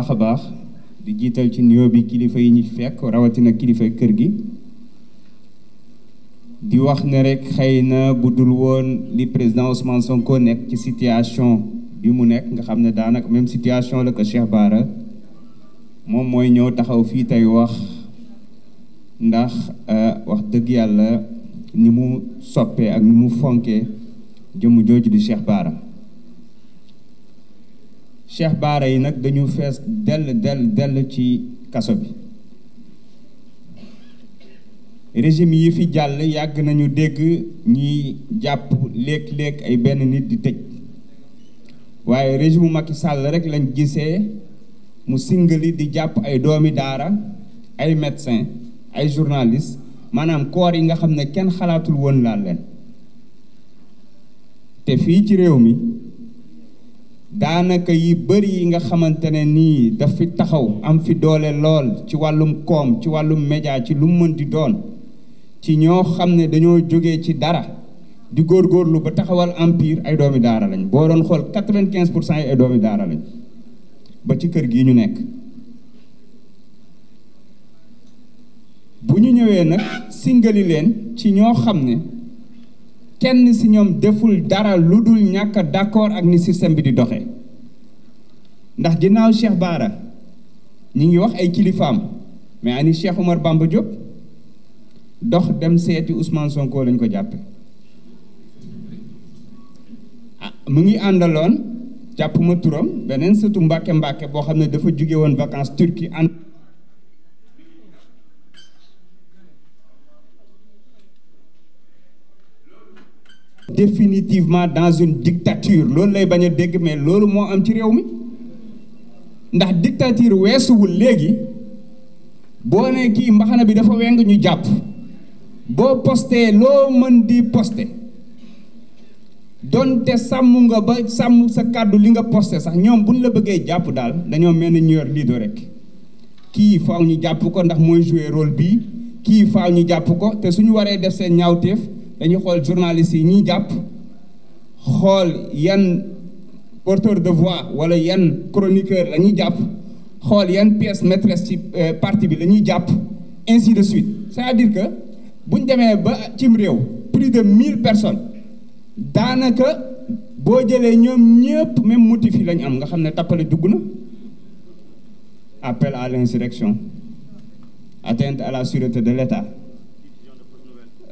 baax a baax di jiital ci nuyoo bi kilifa yi ñu fekk rawatina kilifa kër gi di wax ne rekk xëy na bu dul woon li président Ousmane Sonko nekk ci situation bi mu nekk nga xam ne daanaka même situation la ko Cheikh Bara moom mooy ñëw taxaw fii tey wax ndax euh, wax dëgg yàlla ni mu soppee ak ni mu fonkee jëmu jooju di Cheikh Bara Cheikh Baara yi nag dañu fees dell dell dell ci kaso bi régime yi fi jàll yàgg nañu dégg ñiy jàpp léeg-léeg ay benn nit di tëj waaye régime u Macky Sall rek lañ gisee mu singali di jàpp ay doomi daara ay médecin ay journaliste maanaam koor yi nga xam ne kenn xalaatul woon laal leen te fii ci réew mi daanaka yi bëri yi nga xamante ne nii daf fi taxaw am fi doole lool ci wàllum koom ci wàllum média ci lu mën di doon ci ñoo xam ne dañoo jóge ci dara di góor góorgóorlu ba taxawal empire ay doomi daara lañ boo doon xool quatre vint quinze pour cent yi ay doomi daara lañ ba ci kër gi ñu nekk bu ñu ñëwee nag singali leen ci ñoo xam ne kenn si ñoom deful dara lu dul ñàkk a d'accord ak ni système bi di doxe ndax ginnaaw Cheikh Bara ñi ngi wax ay kilifaam mais ani Cheikh Omar Bamba Diop dox dem seeti Ousmane Sonko lañ ko jàppe a ah, mu ngi àndaloon jàpp ma turam beneen sëtu Mbàkke Mbàkke boo xam ne dafa jóge woon vacances Turquie ànd définitivement dans une dictature loolu lay bañ a dégg mais loolu moo am ci réew mi ndax dictature weesuwul léegi boo ne kii mbaxana bi dafa weng ñu jàpp boo posté loo mën di posté donte sàmm nga ba sàmm sa kàddu li nga posté sax ñom buñ la bëggé japp dal dañu melni ñu yor lido rek ki faaw ñu japp ko ndax moy jouer rôle bi ki faaw ñu japp ko té suñu waré def sen ñaawteef les journalistes yi ñuy jàpp de voix les chroniqueurs, chroniqueur pièces ñuy jàpp xool pièce euh, parti bi ainsi de suite c'est-à-dire que si vous demee ba plus de 1000 personnes daanaka boo jëlee ñoom ñëpp même motif lañ am nga xam ne appel à l'insurrection atteinte à la sûreté de l'État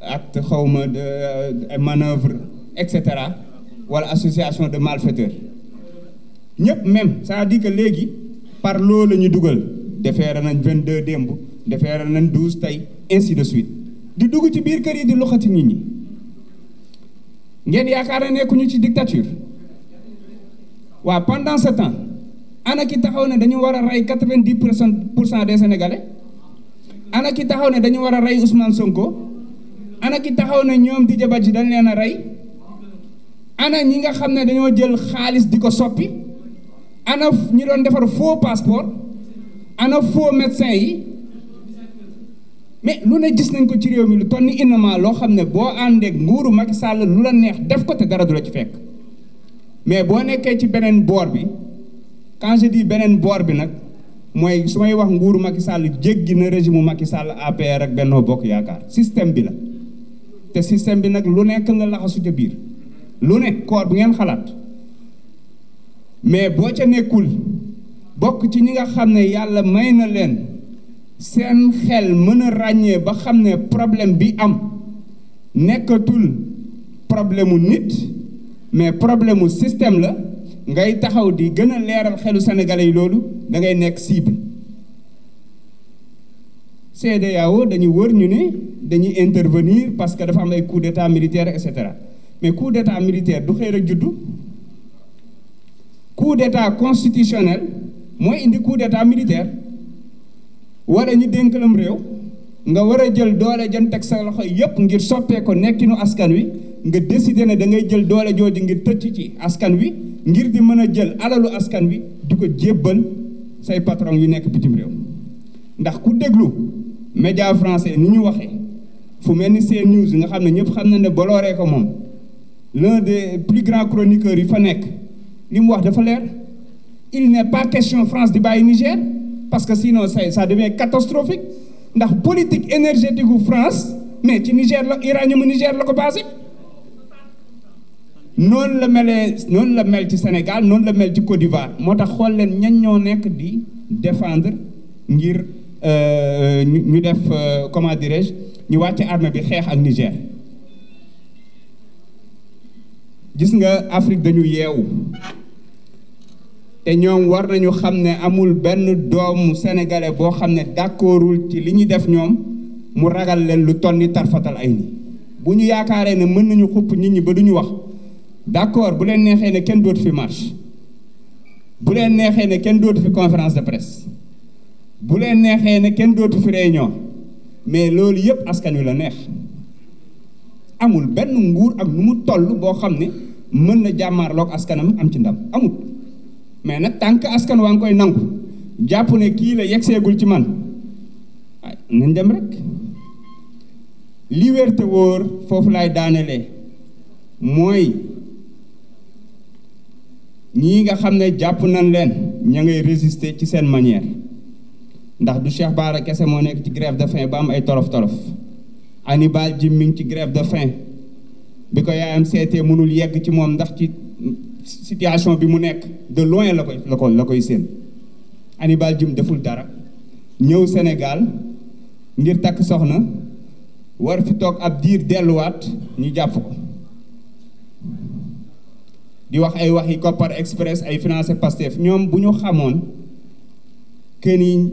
acte xaw ma de euh, manœuvre et cetera wala association de malfaiteurs ñëpp même ça à dire que léegi par loolu la ñu dugal defeere nañ 22 démb defeere nañ 12 tey ainsi de suite di dugg ci biir kër yi di loxati nit ñi ngeen yaakaara ne nekkuñu ci dictature waaw pendant ce temps ana ki taxaw ne dañu war a rey 90 pour pour cent des sénégalais ana ki taxaw ne dañu war a rey Ousmane Sonko. ana ki taxaw na ñoom di jabat ji dañ leen a rey ana ñi nga xam ne dañoo jël xaalis di ko soppi ana ñi doon defar foo passeport ana faux médecin yi mais mun ne gis nañ ko ci réew mi lu toll ni loo xam ne boo àndeek nguuru mag sàll lu la neex def ko te dara du la ci fekk mais boo nekkee ci beneen boor bi quand di beneen boor bi nag mooy su may wax nguuru Macky Sall jéggi na régime Macky sàll APR ak bennoo Bokk Yaakaar système bi la te système bi nag lu nekk nga laxasu ca biir lu ne koor bu ngeen xalaat mais boo ca nekkul bokk ci ñi nga xam ne yàlla may na leen seen xel mën a ràññee ba xam ne problème bi am nekkatul problème mu nit mais problème mu système la ngay taxaw di gën a leeral xelu sénégalais yi loolu da ngay nekk cible CEDEAO dañu wër ñu ne dañuy intervenir parce que dafa am ay coup d'état militaire et cetera mais coup d'état militaire du xëy rek juddu coup d'état constitutionnel moy indi coup d'état militaire wala ñu lam réew nga wara jël doole jën tek sa loxo yépp ngir soppé ko nekkinu askan wi nga décider ne da ngay jël doole jooju ngir tecc ci askan wi ngir di mëna jël alalu askan wi di ko say patron yu nekk bitim réew ndax ku déglu médias français nous ñu waxee fu melni news nga xamné ne ñëpp xam na ko l'un des plus grands chroniqueurs yi fa nek il n'est pas question France di bàyyi Niger parce que sinon ça ça devient catastrophique la politique énergétique ou France mais ci Niger la le Niger la ko Non le la melé la mel Sénégal non la mel ci Côte d'Ivoire motax xol que leen ñan ñoo nek di défendre ngir. Euh, ñu def euh, comment dirais-je ñu wàcc armée bi xeex ak Niger gis nga Afrique dañu yeewu te ñoom war nañu xam ne amul benn doomu sénégalais boo xam ne d'accordul ci li ñuy def ñoom mu ragal leen lu toll ni tarfatal ay ni bu ñu yaakaaree ne mën nañu xupp nit ñi ba duñu wax d'accord bu leen neexee ne kenn dootu fi marche bu leen neexee ne kenn dootu fi conférence de presse bu leen neexee ne kenn dootu fi réunion mais loolu yépp askan wi la neex amul benn nguur ak nu mu toll boo xam ne mën na jàmmaarloog askanam am ci ndam amul mais nag tànk askan waa ngi koy nangu jàpp ne kii la yeggseegul ci man ay nañ dem rek li wér wóor foofu lay daanelee mooy ñii nga xam ne jàpp nañ leen ña ngay résister ci seen manière ndax du Cheikh Bara kese moo nekk ci grève de fin ba am ay torof torof Hannibal Djim mi ngi ci grève de fin bi ko yaayam seetee mënul yegg ci moom ndax ci situation bi mu nekk de loin la koy la ko la koy séen Hannibal Djim deful dara ñëw Sénégal ngir takk soxna war fi toog ab diir delluwaat ñu jàpp ko di wax ay waxi Kopar Express ay financé Pastef ñoom bu ñu xamoon que ni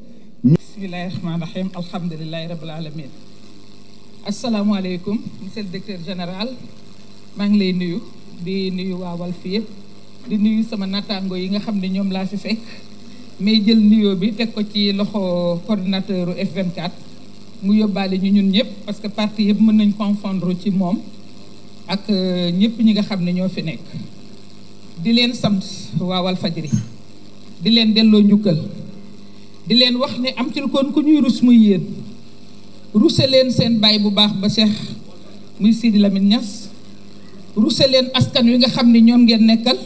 bismillahi rahmaani rahim alhamdulilahi rabil alamin asalaamaaleykum monsieur le directeur général maa ngi lay nuyu di nuyu waawal Walf yëpp di nuyu sama nattaango yi nga xam ne ñoom laa fi fekk may jël nuyoo bi teg ko ci loxo coordinateur F24 mu yóbbaale ñu ñun ñëpp parce que parti yëpp mën nañ confondre ci moom ak euh, ñëpp ñi nga xam ne ñoo fi nekk di leen sant waa Walfadjri di leen delloo njukkal di leen wax ne am ci kon ku ñuy rus muy yéen ruse leen seen baay bu baax ba seex muy Sidi lamit ñas ruse leen askan wi nga xam ne ñoom ngeen nekkal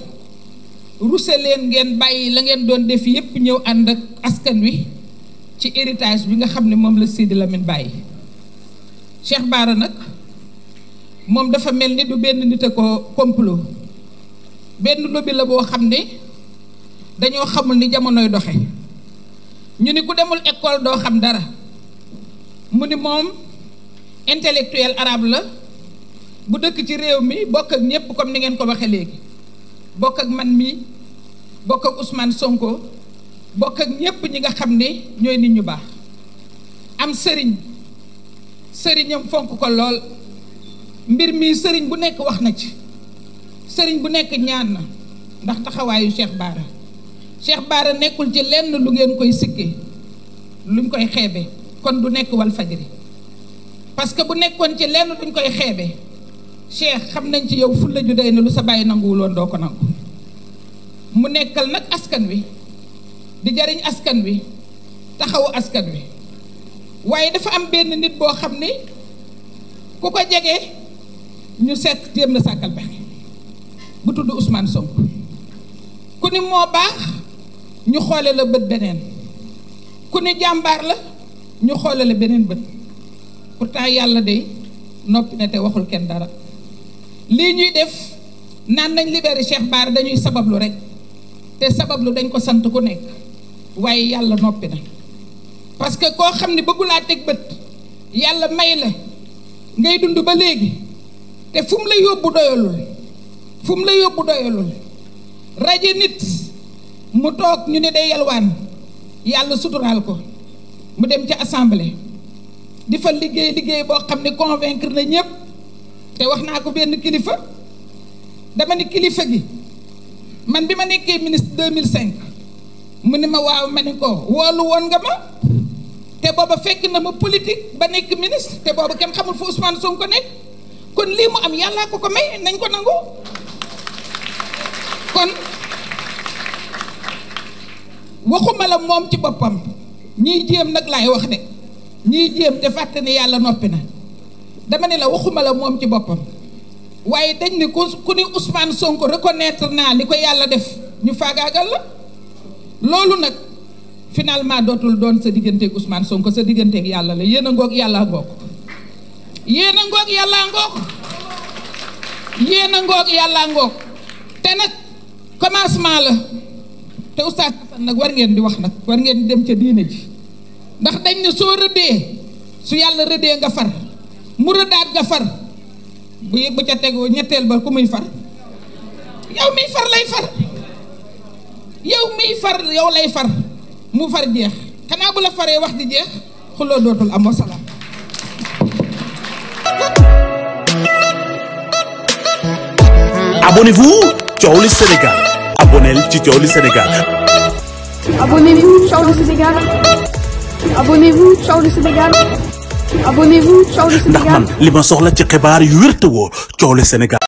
ruse leen ngeen bàyyi la ngeen doon def yépp ñëw ànd ak askan wi ci héritage bi nga xam ni moom la Sidi Lamine bàyyi Cheikh Bara nag moom dafa mel ni du benn nit a ko complot benn lobby la boo xam ne dañoo xamul ni jamonoy doxe ñu ni ku demul école do xam dara mu ni mom intellectuel arabe la bu dëkk ci réew mi bokk ak ñepp comme ni ngeen ko waxe léegi bokk ak man mi bokk ak Ousmane Sonko bokk ak ñepp ñi nga xam ni ñoy nit ñu baax am sëriñ sëriñam fonk ko lool mbir mi sëriñ bu nekk wax na ci sëriñ bu nekk ñaan na ndax taxawaayu Cheikh Bara Cheikh Bara nekkul ci lenn lu ngeen koy sikke luñ koy xeebe kon du nekk wal fajri parce que bu nekkoon ci lenn luñ koy xeebe Cheikh xam nañ ci yow fulla ju day ne lu sa bàyyi nanguwuloon doo ko nangu mu nekkal nag askan wi di jariñ askan wi taxawu askan wi waaye dafa am benn nit boo xam ni ku ko jege ñu seet téem na sàkkal pexe bu tudd usmaan Sonko ku ni moo baax ñu xoole la bët beneen ku ne jàmbaar la ñu xoole la beneen bët pour pourtant yàlla de noppi na te waxul kenn dara lii ñuy def naan nañ libéré Cheikh Bara dañuy sabablu rek te sabablu dañ ko sant ku nekk waaye yàlla noppi na parce que koo xam ne laa teg bët yàlla may la ngay dund ba léegi te fu la yóbbu doyalul fu la yóbbu doyalul raje nit mu toog ñu ne day yalwaan yàlla suturaal ko mu dem ci assemblée di fa liggéey liggéey boo xam ne convaincre na ñëpp te wax naa ko benn kilifa dama ne kilifa gi man bi ma nekkee ministre 2005 mu ne ma waaw ma ne ko woolu woon nga ma te booba fekk na ma politique ba nekk ministre te booba kenn xamul fu Ousmane ko nekk kon lii mu am yàllaa ko ko may nañ ko nangu kon. waxuma la moom ci boppam ñiy jéem nag lay wax de ñiy jéem te fàtte ne yàlla noppi na dama ne la waxuma la moom ci boppam waaye dañ ni ku ku ni Ousmane Sonko reconnaître naa li ko yàlla def ñu faagaagal la loolu nag finalement dootul doon sa digganteeg Ousmane Sonko sa digganteek yàlla la yéen a ngoog yàlla ngoog yéen ngoog yàlla ngoog yéen yàlla ngoog te nag commencement la te oustaz Assane war ngeen di wax nak war ngeen dem ci diine ji ndax dañ ne soo rëddee su yàlla rëddee nga far mu rëddaat nga far bu bu ca tegoo ñetteel ba ku muy far yow miy far lay far yow miy far yow lay far mu far jeex xanaa bu la faree wax di jeex xuloo dootul am wasalaam abonnez-vous les Sénégal abonneel ci Thiowli Sénégal. abonnez-vous Thiowli Sénégal. abonnez-vous Thiowli Sénégal. abonnez-vous Thiowli Sénégal. ndax man li ma soxla ci xibaar yu wér te wóor Thiowli Sénégal.